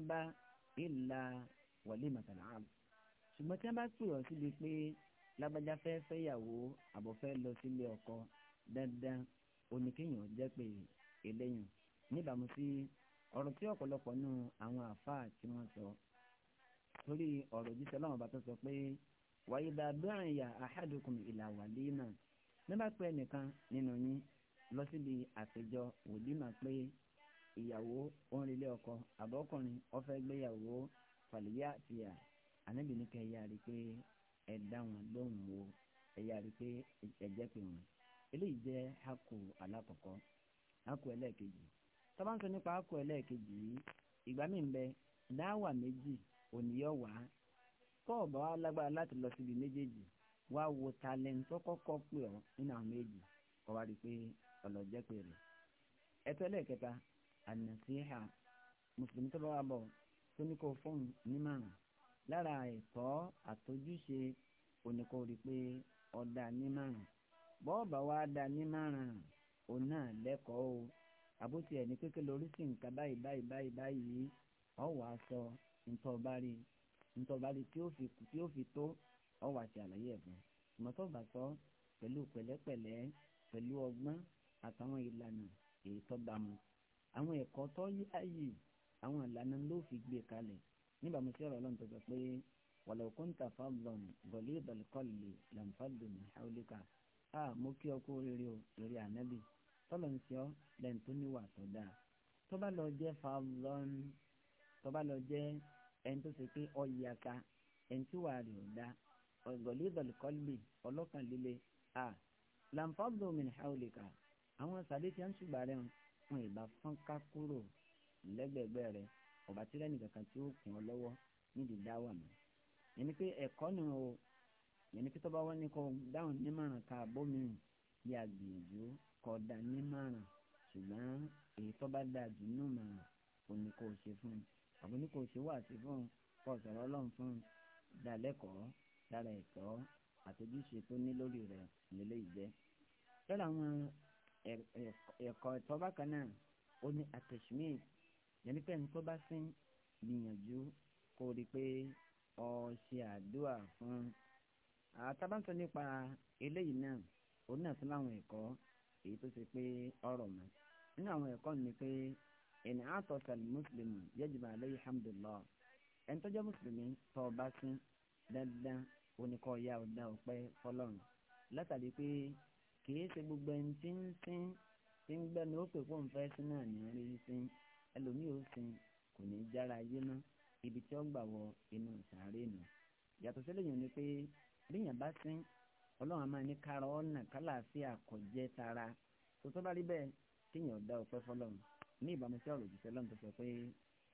àbá ìlà wọlé màtàlá àbò ṣùgbọ́n tí wọ́n bá pè ọ́ síbi pé lágbájá fẹ́ fẹ́yàwó àbọ̀ fẹ́ lọ sílé ọkọ dandan oníkéèyàn jẹ́ pé eléyìn níbàámu sí ọ̀rọ̀ tí ọ̀pọ̀lọpọ̀ nù àwọn àfáà tí wọ́n sọ torí ọ̀rọ̀ jíṣẹ́ láwọn bá tó sọ pé wàyí bá bẹ́rẹ̀ yà ahadukum ìlà wàlímà nígbà pé ẹnìkan nínú yín lọ síbi àpéjọ wòlímà pé ìyàwó òǹrìlẹ ọkọ àbọkùnrin ọfẹ gbéyàwó fàlìyà tìyà ànábì ní kẹ yára pé ẹ dá wọn lóhùn o ẹ yára pé ẹ jẹ́ pé wọn eléyìí jẹ́ hako alákọ̀ọ́kọ́ hako ẹlẹ́ẹ̀kejì tọ́ba nípa hako ẹlẹ́ẹ̀kejì yìí ìgbà míì ń bẹ dáwà wa láti lọ síbi méjèèjì wá wo talẹ́ńtọ́ kọ́kọ́ pè ọ́ nínú àwọn méjì kọ́ ànàsíhà mùsùlùmí tó bá wà bọ̀ tó ní kó fóun nímọ̀ràn lára ẹ̀tọ́ àtọ́júṣe oníkó rí pé ọ̀dà nímọ̀ràn bọ́ọ̀bà wa dá nímọ̀ràn òun náà lẹ́kọ̀ọ́ o àbótí ẹ̀ ní kékeré lórí sí nǹkan báyìí báyìí báyìí báyìí ọ̀ wà á sọ nǹkan ọba rí tí ó fi tí ó fi tó ọ̀ wà á ṣe àlàyé ẹ̀fọn ìmọ̀tọ́ bá sọ pẹ̀lú pẹ̀lẹ́pẹ̀lẹ́ pẹ̀lú ọgbọ́n àtàwọn ìlànà èyí tó bá mu àwọn ẹ̀kọ́ tó yáàyè àwọn ìlànà ló fi gbé kalẹ̀ níbàámu sí ọ̀rọ̀ ọlọ́run tó sọ pé walau kunta faddan ghalidal qalbi lanfaddu min hawlika a mú kí ọkọ rere o lórí ànábì tọ́lọ̀ ń ṣe ọ́ lẹ́yìn tó níwà tó dáa tó bá lọ jẹ́ faddan tó bá lọ jẹ́ ẹni tó ṣe pé ọ̀yàká ẹni tí wàá rè ó dá ghalidal qalbi ọlọ́kàn a lanfaddu min hawlika àwọn sàlẹ̀ tí wọ́n ṣùgbà rẹ̀ hàn fún ìbá fọ́nká kúrò lẹ́gbẹ̀gbẹ́ rẹ ọ̀bà tí lẹ́nu kankan tí ó kùn ọ́ lọ́wọ́ nídìí dáwà mi. yẹn ni pé ẹ̀kọ́ ni o yẹn ni pé tọ́ba wọn ni kò dáhùn nímọ̀ràn ká bómi bí agbèjú kò dá nímọ̀ràn ṣùgbọ́n èyí tọ́ba dáa jù nínú mọ̀ràn kò ní kò ṣe fún un àbí ní kò ṣe wà sí fún un kò sọ̀rọ̀ ọlọ́run fún un dá lẹ́kọ̀ọ́ dára ẹ̀tọ́ àtẹ̀júṣe tó ní lórí rẹ̀ lélẹ́yìí jẹ́ ẹ̀kọ́ ẹ̀tọ́ bákan náà ó ní àtẹ̀símẹ́ẹ̀ yẹnni pé nǹkan bá sín gbìyànjú kó rí i pé ọ ṣe àdúrà fún àtàbántọ́ nípa eléyìí náà òun náà tún láwọn ẹ̀kọ́ èyí tó ṣe pé ọ̀rọ̀ mọ́ nínú àwọn ẹ̀kọ́ ni pé ẹni àtọ̀sàlì mùsùlùmí yajibu alayhi hamdulillah ẹni tó jẹ́ mùsùlùmí tó bá sín dandan oníkọ́ ya ọ̀dà ọ̀pẹ́ fọlọ́run látàrí pé kìí ṣe gbogbo ẹni tí ń sin tí ń gbẹ́ni ó pè fóun fẹ́ sí náà ní rí sin ẹlòmíì ó sin kò ní jára ayé ná ibi tí ó gbà wọ inú sàárè nù yàtọ̀ sílẹ̀ yìí ni pé bíyàn bá sin ọlọ́run máa ní kára ọ̀nà kálàáfíà kò jẹ́ tara tó tó bá rí bẹ́ẹ̀ kíyàn dá ọpẹ́ fọlọ́run ní ìbámu sí ọ̀rọ̀ òjíṣẹ́ lọ́nà tó sọ pé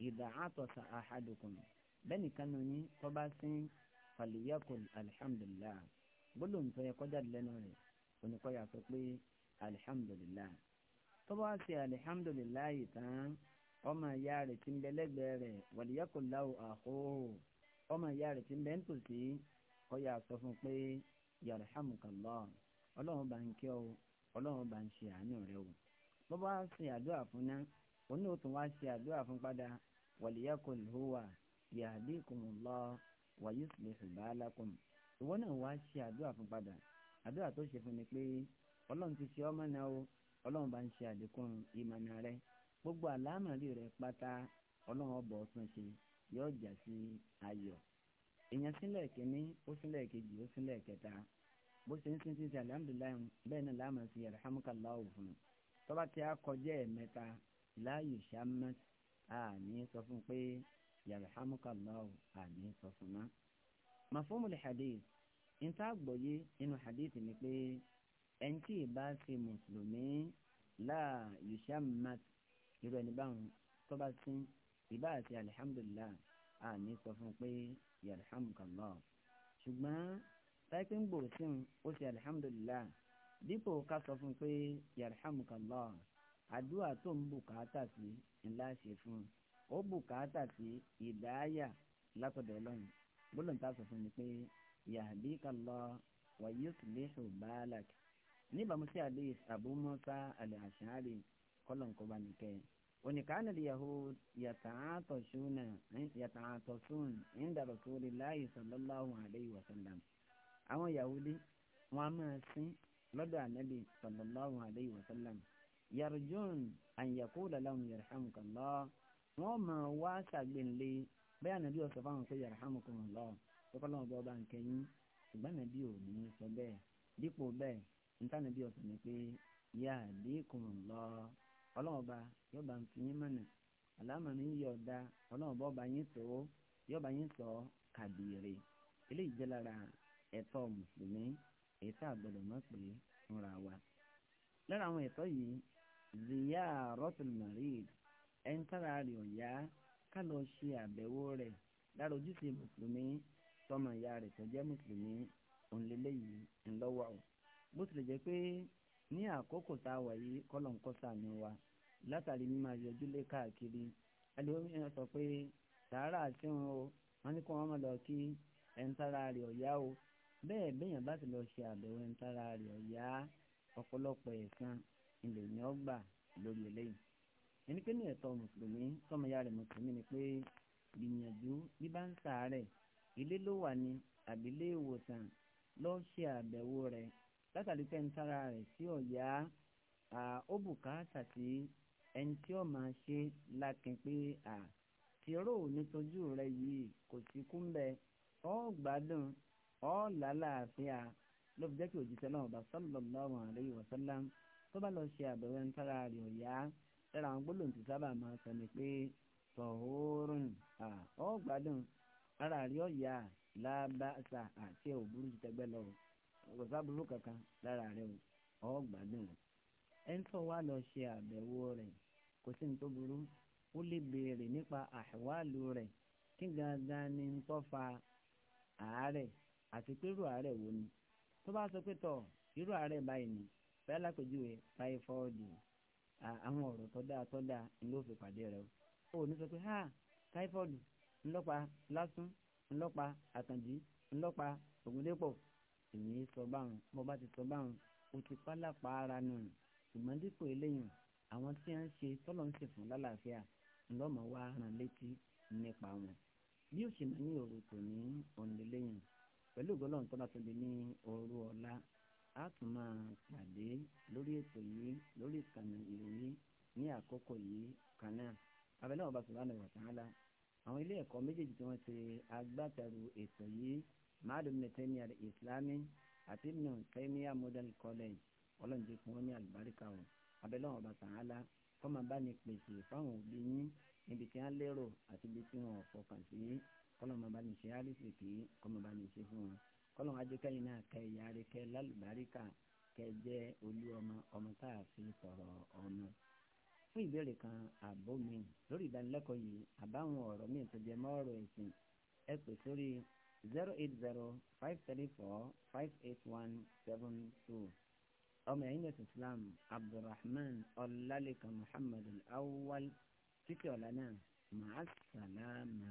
ìdá àtọ̀sà àhádùkùn bẹ́ẹ̀ nìkan yín tó bá sin fàlìyàkùn alihamdulilah gbólóhùn tó yẹ kọjá lẹ́nu rẹ̀ oníkọ́yà sọ pé alihamudulilayi tó bá ṣe alihamudulilayi tán ọmọ ìyá rẹ̀ ti ń bẹ lẹ́gbẹ̀ẹ́ rẹ̀ wàlíyàkùnláwò àhóhò ọmọ ìyá rẹ̀ ti ń bẹ ń tòsí ọyà sọ fún pé yarhamukallah ọlọ́run bá ń kẹ́ ọ ọlọ́run bá ń ṣe àánú rẹ o bó bá ṣe àdúrà fún ná òun náà wá ṣe àdúrà fún padà wàlíyàkùnlówà yahdikumullah wa àdúrà tó ṣe fún ni pé ọlọ́run ti ṣe ọmọ náà o ọlọ́run bá ń ṣe àlékún ìmọ̀nà rẹ gbogbo àlámọ̀rí rẹ pátá ọlọ́run ọbọ̀ ọ̀tún ṣe yóò jà sí ayọ̀ èèyàn sílẹ̀ kìíní ó sílẹ̀ kejì ó sílẹ̀ kẹta bó ṣe ń sin ti alhamdulilayi bẹ́ẹ̀ náà láàmú sí alhamdulilayi fún un tọ́ba tí a kọjá ẹ̀ mẹ́ta láàyè ṣámẹ́ àní sọ fún pé yàrá hàmúkàlá àní sọ fún un. màfúmùlì hadith níta àgbọ̀yé nínú hadith ni pé ẹni tí ìbá ṣe mùsùlùmí láà yushammat irú ẹni báwọn tó bá sín ìbá àti alihamdulilah àní sọ fún pé yarhamukallah ṣùgbọ́n táìpín gbòòsìn ó ṣe alihamdulilah dípò ká sọ fún pé yarhamukallah àdúrà tó ń bùkátà sí ńlá ṣe fún ó bùkátà sí ìdáyà látọ̀dọ̀ ọlọ́run gbólóǹtà sọ fún mi pé yahdika Allah wa yuslihu balak níbàámu sí àdéhìs Abu Musa al-Ash'ari kọ́lọ̀nkọ́ba nìkẹ́ oníkàánà yahud yàtàátọ̀sùn inda rasulillahi sallallahu alayhi wa sallam àwọn yahudi wọn a máa sin lọ́dọ̀ ànábì sallallahu alayhi wa sallam yarjun an yaqula lahum yarhamukallah wọn máa wá sàgbéǹlé bẹ́ẹ̀ ànábì ọ̀sán fáwọn pé yarhamukumullah kọ́kọ́lọ́ ọba ọba nkẹyìn ṣùgbọ́n nàbí ò ní sọ bẹ́ẹ̀ dípò bẹ́ẹ̀ ntànàbí ọ̀sán ni pé yà á dínkù lọ ọlọ́ọ̀ba yọba nfìyín mọ̀nà aláàmàmì yọ̀ ọ̀dà ọlọ́ọ̀ba ọba yín tó yọba yín sọ kàbìrì eléyìí jẹ́ ẹ̀tọ́ mùsùlùmí fúnra wa. lára àwọn ẹ̀tọ́ ziya marid ẹ̀ńtàrà ọ̀yá ká lọ ṣe àbẹ̀wò rẹ̀ lára ojúṣe mùsùlùmí sọmọ ìyá rẹ̀ tó jẹ́ mùsùlùmí òǹlẹ́lẹ́yìí ńlọ́wọ́ o bó tilẹ̀ jẹ́ pé ní àkókò tá a wà yìí kọ́lọ̀ńkọ́ sàmì wa látàrí mímọ àyọjúlé káàkiri alẹ́wọ́mìíràn sọ pé sàárà àti o wọn ní kí wọ́n máa lọ kí ẹ̀ńtara rẹ̀ ọ̀yá o bẹ́ẹ̀ bẹ́yàn bá ti lọ ṣe àbẹ̀wò ẹ̀ńtara rẹ̀ ọ̀yá ọ̀pọ̀lọpọ̀ ẹ̀san ilẹ̀ ni ó gbà lórí eléyìí ẹni pé ní ẹ̀tọ́ mùsùlùmí sọmọ ya rẹ̀ mùsùlùmí ni pé gbìyànjú bí ń sàárẹ̀ ilé ló wà ní àbílẹ̀ ìwòsàn lọ ṣe àbẹ̀wò rẹ̀ látàrí pé ń tara rẹ̀ sí ọ̀yá ó bùkátà sí ẹni tí ó máa ṣe lákin pé à tìró nítọ́jú rẹ̀ yìí kò sí kúńbẹ ọ gbádùn ọ làlàáfíà ló fi jẹ́ kí òjíṣẹ́ náà bá sallallahu alaihi wasallam tó bá lọ ṣe àbẹ̀wò ń tara rẹ̀ ọ̀yá lára àwọn gbólóhùn ti sábà máa sọ ni pé tọ̀hórùn ọ gbádùn ara rí ọ̀yà lábàṣà àti òbúrú ti tẹgbẹ́ lọ kò kankan lára rẹ lọ ṣe àbẹ̀wò rẹ̀ kò sí ní tó burú ó lè béèrè nípa àhẹ́wàlú rẹ̀ kí gangan ni ń àárẹ̀ àti àárẹ̀ wo ni tó bá sọ pé tọ̀ irú àárẹ̀ báyìí ni lápèjúwe àwọn ọ̀rọ̀ ní sọ pé ha ńlọ́pa lásún ńlọ́pa àkànjí ńlọ́pa ògúndépọ̀ èyí sọ báwọn bó bá ti sọ báwọn o ti pálápà ara nù ṣùgbọ́n dípò eléyìn àwọn tí wọ́n ń ṣe tọ́lọ̀ ń ṣe fún lálàáfíà ńlọ́mọ wa ràn létí nípa wọn bí ó ṣe máa ní òru tò ní òǹdíléyìn pẹ̀lú ìgbọ́lọ́run tọ́lá tó di ní òru ọ̀la a tún máa pàdé lórí ètò yìí lórí ìkànnì ìròyìn ní àkókò yìí kan náà abẹ́lẹ́ ọba sọ̀rọ̀ àlẹ́ wọ̀tá ńlá àwọn ilé ẹ̀kọ́ méjèèjì tí wọ́n ṣe agbátẹrù ètò yìí Ma'had Taymiyya Al-Islami àti Ibn Taymiyya Model College ọlọ́njẹ́ fún wọn ní àlùbáríkà wọn abẹ́lẹ́ wọn bàtà ńlá fọmọ bá ní pèsè fáwọn òbí yín níbi tí wọ́n lérò àti ibi tí wọ́n fọkàn sí kọ́lọ́mọ bá ní ṣe àríṣe kì í kọ́mọ bá ní ṣe fún wọn kọ́lọ́mọ ajẹ́kẹ́yìn náà kẹ́ ìyá rẹ̀ kẹ́ lálùbáríkà kẹ́ jẹ́ olú ọmọ ọmọ táà fi sọ̀rọ̀ ọmọ fún ìbéèrè kan àbó mi lórí ìdánilẹ́kọ̀ọ́ yìí àbáwọn ọ̀rọ̀ mi tó jẹ mọ́ ọ̀rọ̀ ẹ̀sìn ẹ pè sórí zero eight zero five three four five eight one seven two ọmọ ẹ̀yìn ẹ̀sìn Islam Abdulrahman Ọlálékan Muhammad Awwal títí ọ̀la náà màá sàlámà.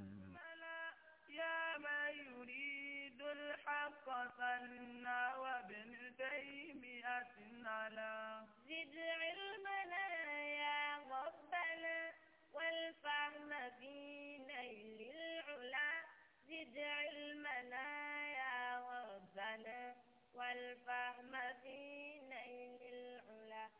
يا من يريد الحق فلنا وابن تيمية على زد علمنا زد علمنا يا ربنا والفهم فيه